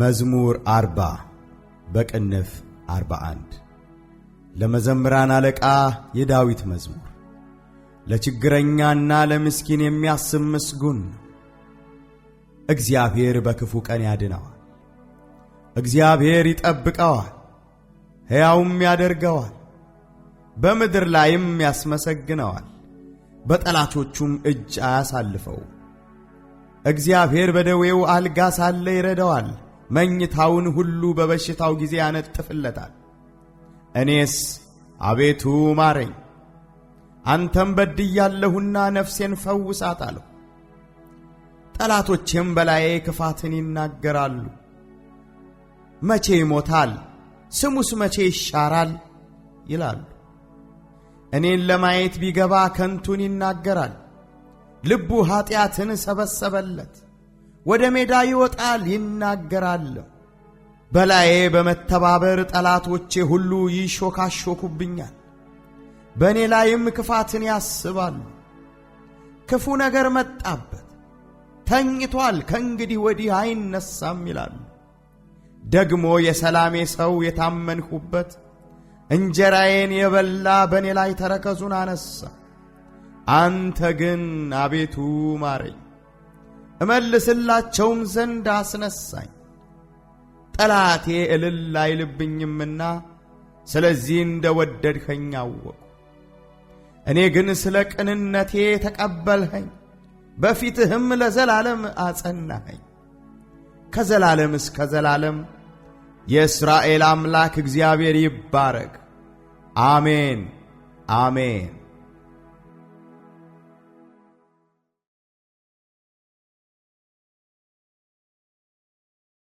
መዝሙር አርባ በቅንፍ አርባ አንድ ለመዘምራን አለቃ የዳዊት መዝሙር። ለችግረኛና ለምስኪን የሚያስብ ምስጉን ነው። እግዚአብሔር በክፉ ቀን ያድነዋል። እግዚአብሔር ይጠብቀዋል፣ ሕያውም ያደርገዋል፣ በምድር ላይም ያስመሰግነዋል፣ በጠላቶቹም እጅ አያሳልፈው። እግዚአብሔር በደዌው አልጋ ሳለ ይረዳዋል መኝታውን ሁሉ በበሽታው ጊዜ ያነጥፍለታል። እኔስ አቤቱ ማረኝ፣ አንተም በድያለሁና ነፍሴን ፈውሳት አለሁ። ጠላቶቼም በላዬ ክፋትን ይናገራሉ። መቼ ይሞታል? ስሙስ መቼ ይሻራል? ይላሉ። እኔን ለማየት ቢገባ ከንቱን ይናገራል። ልቡ ኀጢአትን ሰበሰበለት። ወደ ሜዳ ይወጣል ይናገራል በላዬ በመተባበር ጠላቶቼ ሁሉ ይሾካሾኩብኛል፣ በእኔ ላይም ክፋትን ያስባሉ። ክፉ ነገር መጣበት ተኝቷል፣ ከእንግዲህ ወዲህ አይነሳም ይላሉ። ደግሞ የሰላሜ ሰው የታመንሁበት እንጀራዬን የበላ በእኔ ላይ ተረከዙን አነሳ። አንተ ግን አቤቱ ማረኝ እመልስላቸውም ዘንድ አስነሳኝ። ጠላቴ እልል አይልብኝምና ስለዚህ እንደ ወደድኸኝ አወቁ። እኔ ግን ስለ ቅንነቴ ተቀበልኸኝ፣ በፊትህም ለዘላለም አጸናኸኝ። ከዘላለም እስከ ዘላለም የእስራኤል አምላክ እግዚአብሔር ይባረግ አሜን አሜን።